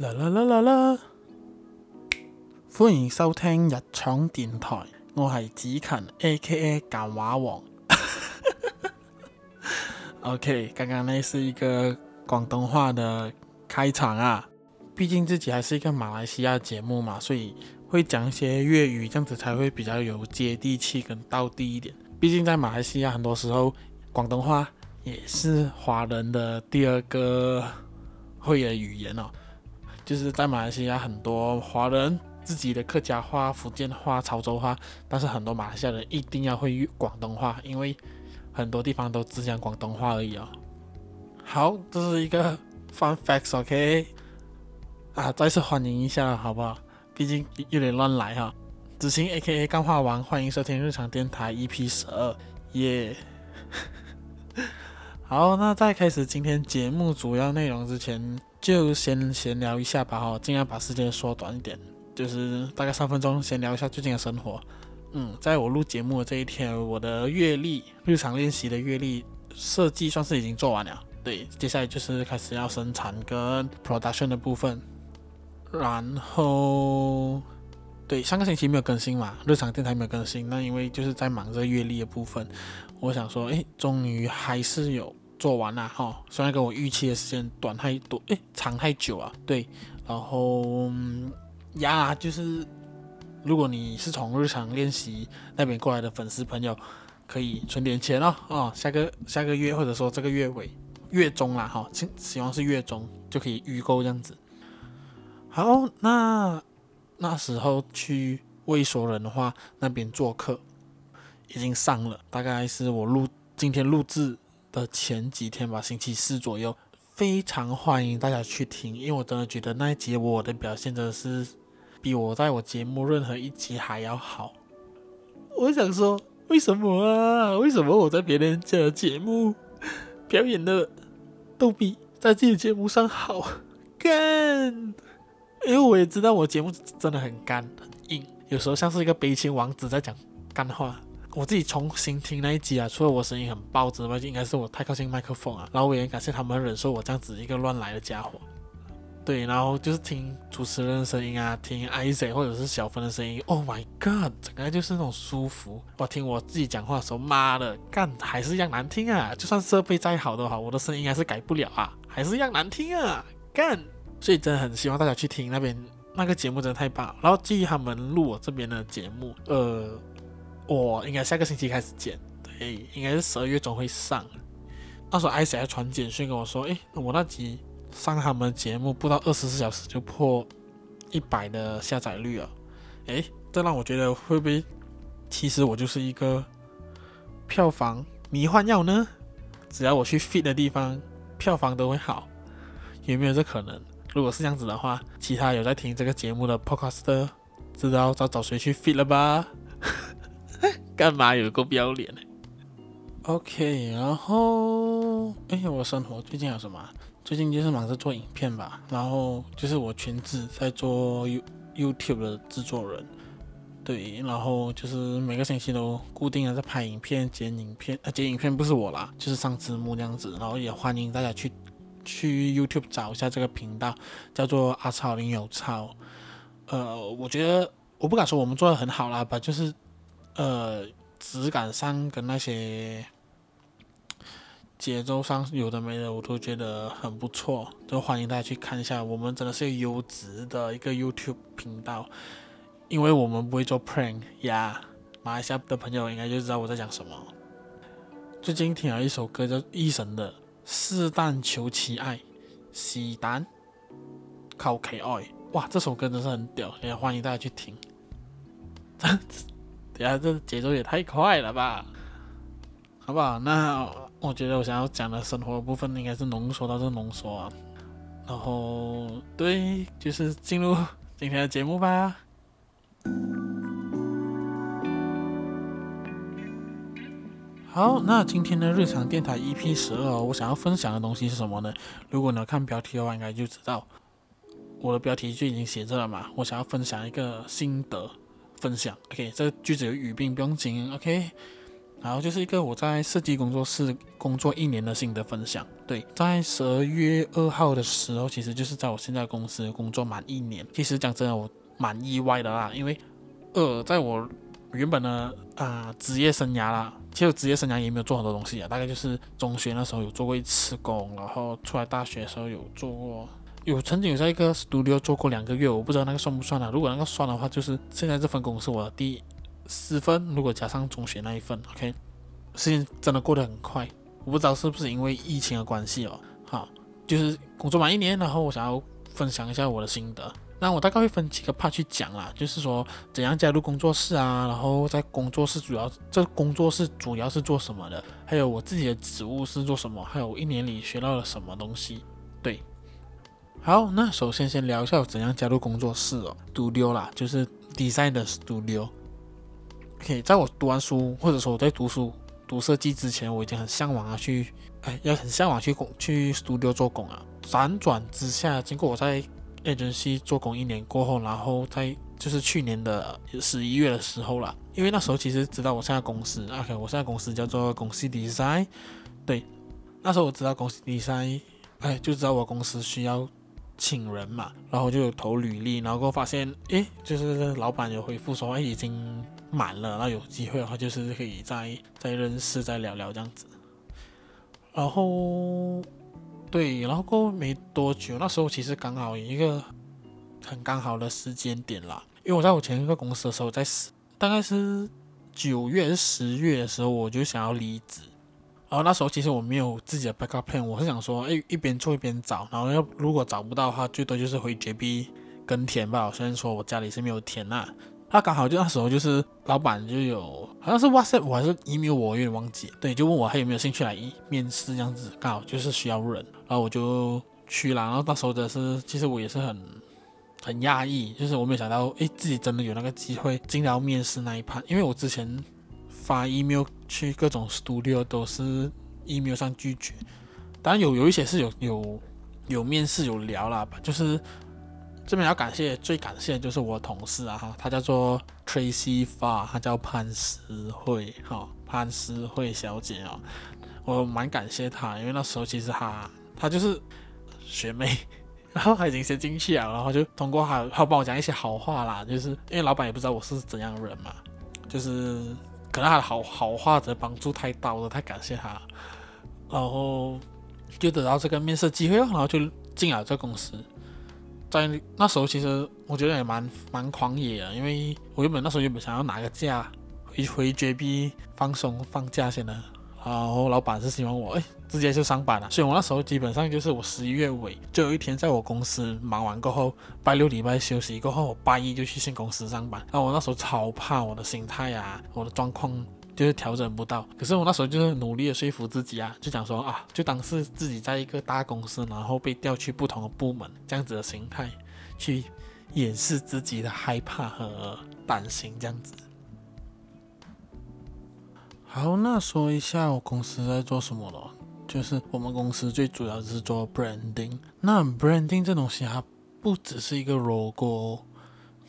啦啦啦啦啦！歡迎收聽日常電台，我係子肯 A K A 簡話王。 OK，剛剛那是一個廣東話的開場啊，畢竟自己還是一個馬來西亞節目嘛，所以會講一些粵語，這樣子才會比較有接地氣跟道地一點。畢竟在馬來西亞，很多時候廣東話也是華人的第二個會的語言哦。就是在馬來西亞，很多華人自己的客家話、福建話、潮州話，但是很多馬來西亞人一定要會廣東話，因為很多地方都只講廣東話而已哦。好，這是一個 fun facts，OK，okay? 啊，再次歡迎一下，好不好？畢竟有點亂來哈、啊。子晴 A K A 鋼化王，歡迎收聽日常電台 EP 十二，耶。 好，那在開始今天節目主要內容之前。就先閒聊一下吧哦，盡量把時間縮短一點，就是大概三分鐘，先聊一下最近的生活。嗯，在我錄節目的這一天，我的月曆、日常練習的月曆設計算是已經做完了。對，接下來就是開始要生產跟 production 的部分。然後，對，上個星期沒有更新嘛，日常電台沒有更新，那因為就是在忙着月曆的部分。我想說，哎，終於還是有。做完了哈、哦，雖然跟我預期的時間短太多，誒，長太久啊。對，然後、嗯、呀，就是如果你是從日常練習那邊過來的粉絲朋友，可以存點錢了哦，哦，下個下個月或者說這個月尾、月中啦，哈、哦，希望是月中就可以預購這樣子。好，那那時候去魏所人的話那邊做客，已經上了，大概是我錄今天錄製的前幾天吧，星期四左右，非常歡迎大家去聽，因為我真的覺得那一集我的表現真的是比我在我節目任何一集還要好。我想說，為什麼啊？為什麼我在別人家的節目表演的都比在自己節目上好幹？因為我也知道我節目真的很乾很硬，有時候像是一個悲情王子在講幹話。我自己重新聽那一集啊，除了我聲音很爆之外，就應該是我太靠近麥克風啊。然後我也感謝他們忍受我這樣子一個亂來的家伙。對，然後就是聽主持人的聲音啊，聽 i 易或者是小芬的聲音。Oh my god，整個就是那種舒服。我聽我自己講話的時候，媽的，幹，還是一樣難聽啊！就算設備再好的話，我的聲音還是改不了啊，還是一樣難聽啊，幹。所以真的很希望大家去聽那邊那個節目，真的太棒了。然後繼續他們錄我這邊的節目，呃。我、哦、應該下個星期開始剪，對，應該是十二月中會上。那時候 i 小還傳簡訊跟我說，誒，我那集上他們節目不到二十四小時就破一百的下載率了，誒，這讓我覺得會不會，其實我就是一個票房迷幻藥呢？只要我去 fit 的地方，票房都會好，有沒有這可能？如果是這樣子的話，其他有在聽這個節目的 podcaster，知道找找誰去 fit 了吧？幹嘛，有個不要臉呢、欸、？OK，然後哎，我生活最近有什麼？最近就是忙着做影片吧，然後就是我全職在做 you, YouTube 的製作人，對，然後就是每個星期都固定的在拍影片、剪影片、呃，剪影片不是我啦，就是上字幕這樣子。然後也歡迎大家去去 YouTube 找一下這個頻道，叫做阿超林有超。呃，我覺得我不敢說我們做的很好啦，吧，就是。呃，質感上跟那些節奏上有的沒的我都覺得很不錯，就歡迎大家去看一下。我們真的是有優質的一個 YouTube 頻道，因為我們不會做 prank 呀。馬來西亞的朋友應該就知道我在講什麼。最近聽了一首歌叫 E 神的《是但求其愛》單，是但，靠 K O 哇，這首歌真是很屌，也歡迎大家去聽。子。呀，啊，這節奏也太快了吧，好不好？那我覺得我想要講的生活的部分應該是濃縮到這濃縮啊，然後對，就是進入今天的節目吧。好，那今天的日常電台 EP 十二，我想要分享的東西是什麼呢？如果你要看標題的話，應該就知道，我的標題就已經寫着了嘛。我想要分享一個心得。分享，OK，這個句子有語病，不用緊，OK。然後就是一個我在設計工作室工作一年的心得分享。對，在十二月二號的時候，其實就是在我現在公司工作滿一年。其實講真的，我蠻意外的啦，因為呃，在我原本的啊、呃、職業生涯啦，其實我職業生涯也沒有做很多東西啊，大概就是中學那時候有做過一次工，然後出來大學的時候有做過。有曾經有在一個 studio 做過兩個月，我不知道那個算不算了啊，如果那個算的話，就是現在這份工是我的第四份。如果加上中學那一份，OK。時間真的過得很快，我不知道是不是因為疫情的關係哦。好，就是工作滿一年，然後我想要分享一下我的心得。那我大概會分幾個 part 去講啦，就是說怎樣加入工作室啊，然後在工作室主要這工作室主要是做什麼的，還有我自己的職務是做什麼，還有一年裡學到了什麼東西。好，那首先先聊一下我怎樣加入工作室哦。studio 啦，就是 design 的 studio。可、okay, 以在我讀完書，或者說我在讀書讀設計之前，我已經很向往啊去，去哎，要很向往去工去 studio 做工啊。輾轉，轉之下，經過我在 agency 做工一年過後，然後在就是去年的十一月的時候啦，因為那時候其實知道我現在公司，OK，我現在公司叫做公司 design，對，那時候我知道公司 design，哎，就知道我公司需要。請人嘛，然後就投履歷，然後過發現，哎，就是老闆有回復說，誒，已經滿了，那有機會的話就是可以再，再認識、再聊聊這樣子。然後，對，然後過沒多久，那時候其實剛好有一個很剛好的時間點啦，因為我在我前一個公司的時候，我在十大概是九月還是十月的時候，我就想要離職。然後那時候其實我沒有自己的 backup plan，我是想說，誒，一邊做一邊找，然後要如果找不到的話，最多就是回 JB 跟田吧。我雖然說我家裡是沒有田啦、啊。他剛好就那時候就是老闆就有，好像是 WhatsApp 我還是 email，我，我有點忘記。對，就問我還有沒有興趣來一面試，這樣子剛好就是需要人。然後我就去了。然後那時候的、就是，其實我也是很很訝異，就是我沒有想到，誒，自己真的有那個機會進到面試那一盤，因為我之前。發 email 去各種 studio 都是 email 上拒絕，當然有有一些是有有有面試有聊啦，就是這邊要感謝，最感謝的就是我的同事啊，哈，他叫做 Tracy Farr，他叫潘思慧，哈，潘思慧小姐哦，我蠻感謝她，因為那時候其實她她就是學妹，然後她已經先進去了，然後就通過她她幫我講一些好話啦，就是因為老闆也不知道我是怎樣的人嘛，就是。可能他好好話的幫助太大，我都太感謝他。然後就得到這個面試機會，哦，然後就進了這個公司。在那時候，其實我覺得也蠻蠻狂野的，因為我原本那時候原本想要拿個假回回 JB 放鬆放假先的。然後老闆是希望我，哎，直接就上班了，啊。所以我那時候基本上就是我十一月尾就有一天在我公司忙完過後，拜六禮拜休息過後，我拜一就去新公司上班。那我那時候超怕，我的心態啊，我的狀況就是調整不到。可是我那時候就是努力的說服自己啊，就想說啊，就當是自己在一個大公司，然後被調去不同的部門，這樣子的心態去掩飾自己的害怕和擔心，這樣子。好，那說一下我公司在做什麼咯。就是我們公司最主要是做 branding。那 branding 這東西它不只是一個 logo，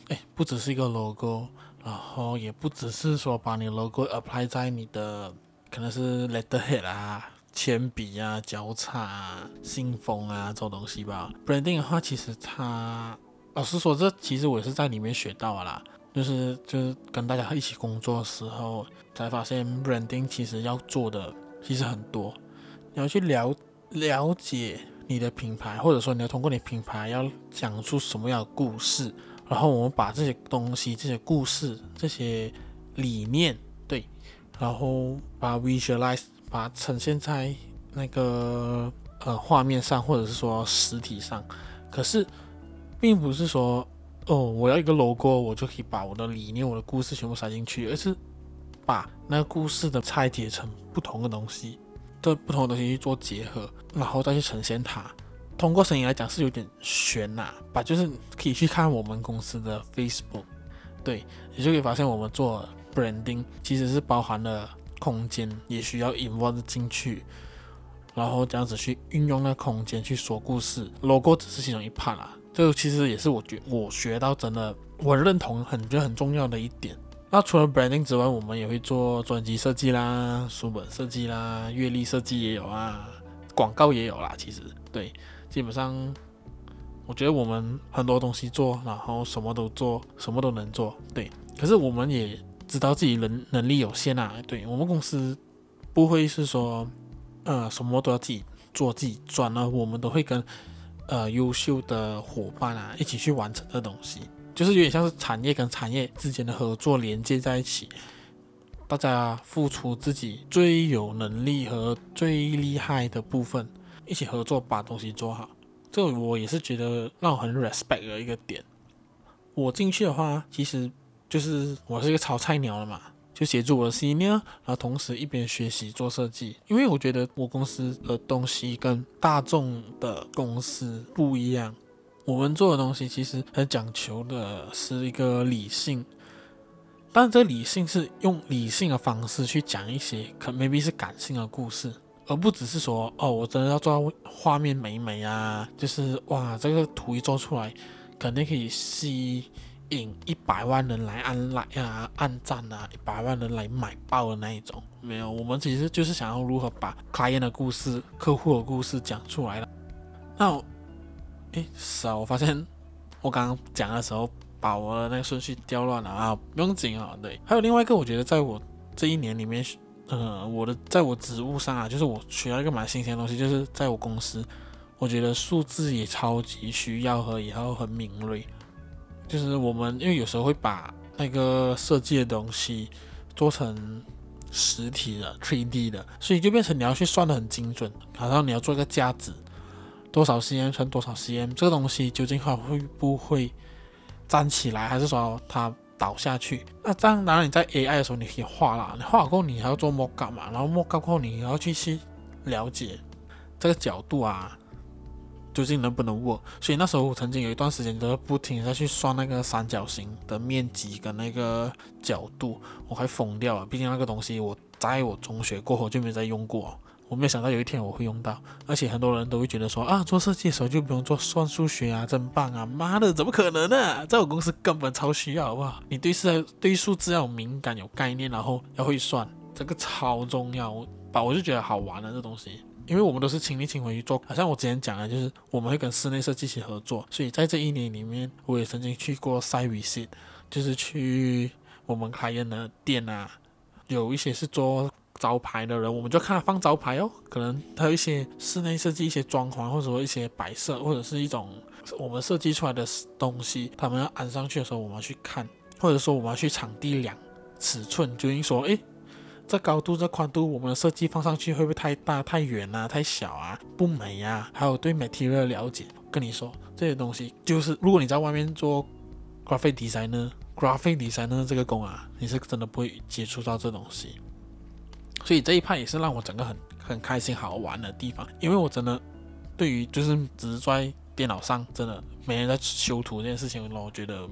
誒，不只是一個 logo，然後也不只是說把你 logo apply 在你的可能是 letterhead 啊、鉛筆啊、交叉啊、信封啊這種東西吧。branding 的話，其實它老實說，這其實我也是在裡面學到啦就是就是跟大家一起工作的時候，才發現，branding 其實要做的其實很多，你要去了了解你的品牌，或者說你要通過你的品牌要講出什麼樣的故事，然後我們把這些東西、這些故事、這些理念，對，然後把它 visualize，把它呈現在那個呃畫面上，或者是說實體上，可是並不是說。哦，我要一個 logo 我就可以把我的理念、我的故事全部塞進去，而是把那個故事的拆解成不同的東西，這不同的東西去做結合，然後再去呈現它。通過聲音來講是有點懸吶、啊，把就是可以去看我們公司的 Facebook，對，你就可以發現我們做 branding 其實是包含了空間，也需要 involve 進去，然後這樣子去運用那空間去說故事。logo 只是其中一 part 啦、啊。這其實也是我覺得我學到真的我認同很覺得很重要的一點。那除了 branding 之外，我們也會做專輯設計啦、書本設計啦、閱歷設計也有啊，廣告也有啦。其實對，基本上我覺得我們很多東西做，然後什麼都做，什麼都能做。對，可是我們也知道自己能能力有限啊。對我們公司不會是說，呃，什麼都要自己做自己賺了，我們都會跟。呃，優秀的伙伴啊，一起去完成的東西，就是有點像是產業跟產業之間的合作連接在一起，大家付出自己最有能力和最厲害的部分，一起合作把東西做好。這我也是覺得讓我很 respect 的一個點。我進去的話，其實就是我是一個超菜鳥了嘛。就協助我的 senior，然後同時一邊學習做設計，因為我覺得我公司的東西跟大眾的公司不一樣，我們做的東西其實很講求的是一個理性，但這個理性是用理性的方式去講一些可 maybe 是感性的故事，而不只是說哦，我真的要做到畫面美美啊，就是哇，這個圖一做出來肯定可以吸。引一百萬人來按，啊，按讚啊，一百萬人來買爆的那一種，沒有，我們其實就是想要如何把 client 的故事、客戶的故事講出來了。那我，哎，是啊，我發現我剛剛講的時候，把我的那個順序調亂了啊，不用緊啊，對。還有另外一個，我覺得在我這一年裡面，呃，我的在我職務上啊，就是我學到一個蠻新鮮的東西，就是在我公司，我覺得數字也超級需要和以後很敏銳。就是我們因為有時候會把那個設計的東西做成實體的 3D 的，所以就變成你要去算得很精準，然後你要做一個架子，多少 cm 乘多少 cm，這個東西究竟它會不會站起來，還是說它倒下去？那這樣當然你在 AI 的時候你可以畫啦，你畫好過後你還要做 mock 嘛，然後 mock 過後你要去去了解這個角度啊。究竟能不能握？所以那時候我曾經有一段時間，都不停在去算那個三角形的面積跟那個角度，我還瘋掉了。畢竟那個東西我在我中學過後就沒再用過。我沒有想到有一天我會用到，而且很多人都會覺得說啊，做設計的時候就不用做算數學啊，真棒啊！媽的，怎麼可能呢、啊？在我公司根本超需要，好不好？你對事，對數字要有敏感、有概念，然後要會算，這個超重要。把我，我就覺得好玩的、啊、這東西。因為我們都是親力親為去做，好像我之前講的，就是我們會跟室內設計一起合作，所以在這一年裡面，我也曾經去過 site visit，就是去我們開業的店啊，有一些是做招牌的人，我們就看他放招牌哦，可能他有一些室內設計一些裝潢，或者說一些擺設，或者是一種我們設計出來的東西，他們要安上去的時候，我們要去看，或者說我們要去場地量尺寸，就是說，哎。誒這高度、這寬度，我們的設計放上去會不會太大、太遠啊、太小啊、不美啊？還有對 material 的了解，跟你說這些東西，就是如果你在外面做 graphic designer graphic designer 這個工啊，你是真的不會接觸到這東西。所以這一派也是讓我整個很很開心、好玩的地方，因為我真的對於就是只是在電腦上真的每天在修圖這件事情，讓我覺得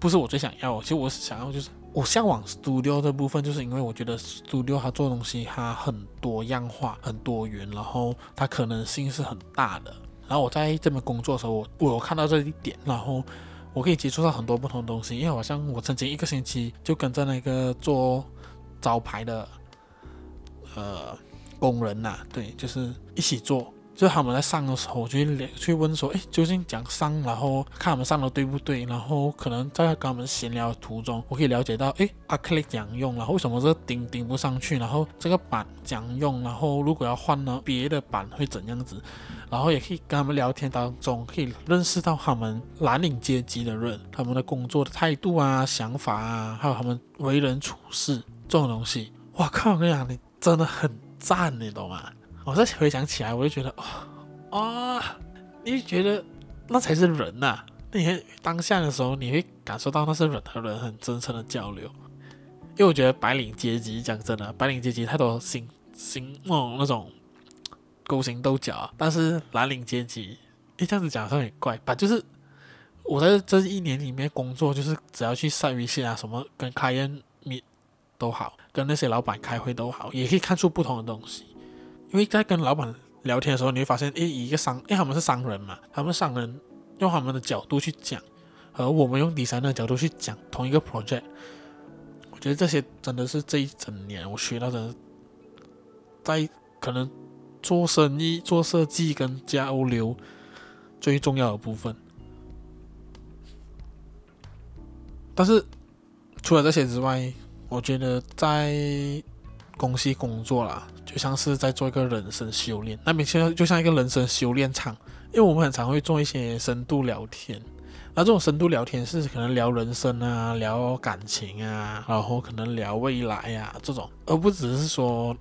不是我最想要。其實我是想要就是。我嚮往 studio 的部分，就是因為我覺得 studio 它做東西它很多樣化、很多元，然後它可能性是很大的。然後我在這邊工作的時候，我我有看到這一點，然後我可以接觸到很多不同的東西。因為好像我曾經一個星期就跟著那個做招牌的呃工人吶，啊，對，就是一起做。就他們在上的時候，我去去問說，哎，究竟講上，然後看他們上的對不對，然後可能在跟他們閒聊的途中，我可以了解到，哎、啊，阿克力講用，然後為什麼這個釘釘不上去，然後這個板講用，然後如果要換了別的板會怎樣子，然後也可以跟他們聊天當中，可以認識到他們藍領階級的人，他們的工作的態度啊、想法啊，還有他們為人處事這種東西，哇靠，我跟你講，你真的很讚，你懂嗎？我、哦、再回想起來，我就覺得，哦，啊、哦，你覺得那才是人吶、啊？那當下的時候，你會感受到那是人和人很真誠的交流。因為我覺得白領階級講真的，白領階級太多心心，那種、哦、那種勾心鬥角啊。但是藍領階級，你這樣子講好像很怪吧，就是我在這一年裡面工作，就是只要去上一線啊，什麼跟 client meet 都好，跟那些老板開會都好，也可以看出不同的東西。因為在跟老闆聊天的時候，你會發現，誒，一個商，因為他們是商人嘛，他們商人用他們的角度去講，而我們用 designer 的角度去講同一個 project，我覺得這些真的是這一整年我學到的，在可能做生意、做設計跟交流最重要的部分。但是除了這些之外，我覺得在公司工作啦。就像是在做一個人生修煉，那現在就像一個人生修煉場，因為我們很常會做一些深度聊天。那這種深度聊天是可能聊人生啊，聊感情啊，然後可能聊未來呀、啊、這種，而不只是說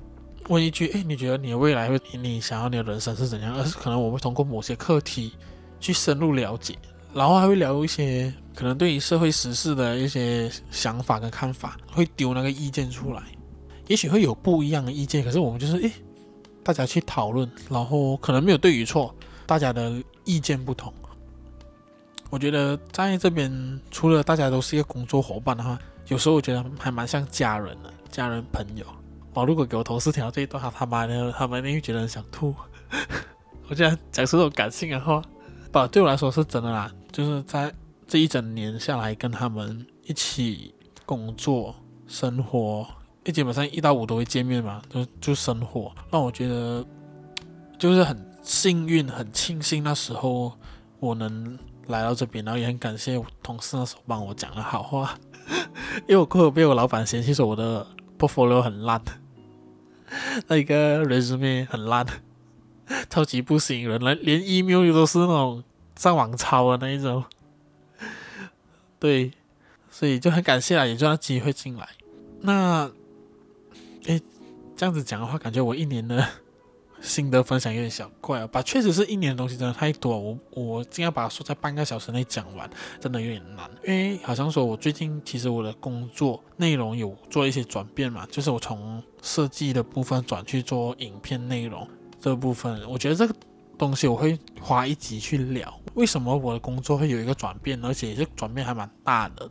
問一句，哎，你覺得你的未來會你，你想要你的人生是怎樣？而是可能我們會通過某些課題去深入了解，然後還會聊一些可能對於社會時事的一些想法跟看法，會丟那個意見出來。也許會有不一樣的意見，可是我們就是誒、欸，大家去討論，然後可能沒有對與錯，大家的意見不同。我覺得在這邊，除了大家都是一個工作夥伴的話，有時候我覺得還蠻像家人的，家人、朋友。我、啊、如果給我同事聽到這一段，他他媽的，他們一定會覺得很想吐。 我竟然講出這種感性的話，但，對我來說是真的啦，就是在這一整年下來，跟他們一起工作、生活。一基本上一到五都會見面嘛，就就生活。那我覺得就是很幸運、很慶幸那時候我能來到這邊，然後也很感謝我同事那時候幫我講了好話，因為我過後被我老板嫌棄說我的 portfolio 很爛，那一個 resume 很爛，超級不吸引人，連 email 都是那種上網抄的那一種。對，所以就很感謝啊有這樣機會進來。那。誒，這樣子講的話，感覺我一年的心得分享有點小怪吧。確實是一年的東西真的太多了，我我盡量把它說在半個小時內講完，真的有點難。因為好像說我最近其實我的工作內容有做一些轉變嘛，就是我從設計的部分轉去做影片內容這部分。我覺得這個東西我會花一集去聊，為什麼我的工作會有一個轉變，而且這轉變還蠻大的。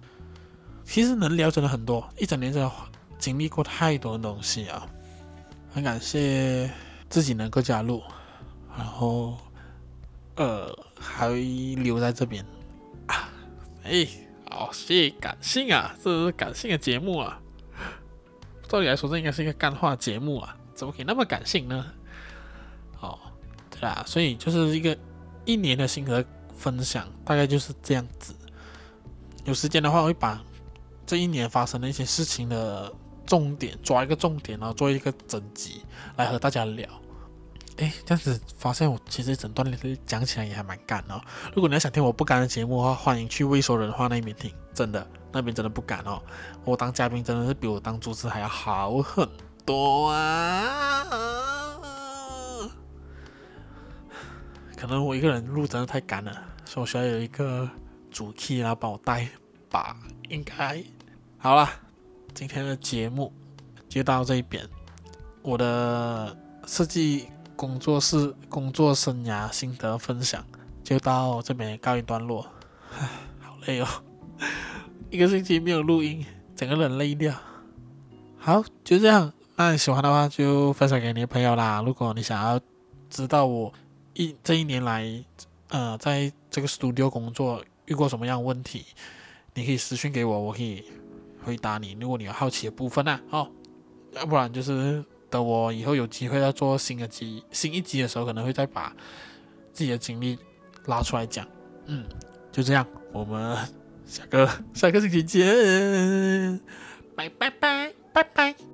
其實能聊真的很多，一整年真的話。經歷過太多東西啊，很感謝自己能夠加入，然後，呃，還留在這邊啊。哎，好，哦，謝感性啊，這是感性的節目啊。照理來說，這應該是一個乾話節目啊，怎麼可以那麼感性呢？哦，對啊，所以就是一個一年的心得分享，大概就是這樣子。有時間的話，我會把這一年發生的一些事情的。重點抓一個重點呢，然後做一個整集來和大家聊。哎，這樣子發現我其實整段講起來也還蠻乾哦。如果你要想聽我不乾的節目的話，歡迎去未熟人話那一邊聽。真的，那邊真的不乾哦。我當嘉賓真的是比我當主持人還要好很多啊。可能我一個人錄真的太乾了，所以我需要有一個主 K、啊、幫我帶吧。應該好了。今天的節目就到這邊，我的設計工作室工作生涯心得分享就到這邊告一段落。唉，好累哦，一個星期沒有錄音，整個人累掉。好，就這樣。那你喜歡的話就分享給你的朋友啦。如果你想要知道我一這一年來，呃，在這個 studio 工作遇過什麼樣的問題，你可以私信給我，我可以。回答你。如果你有好奇的部分啊，哦，要不然就是等我以後有機會要做新的集，新一集的時候，可能會再把自己的經歷拉出來講。嗯，就這樣，我們下個下個星期見，拜拜拜拜拜。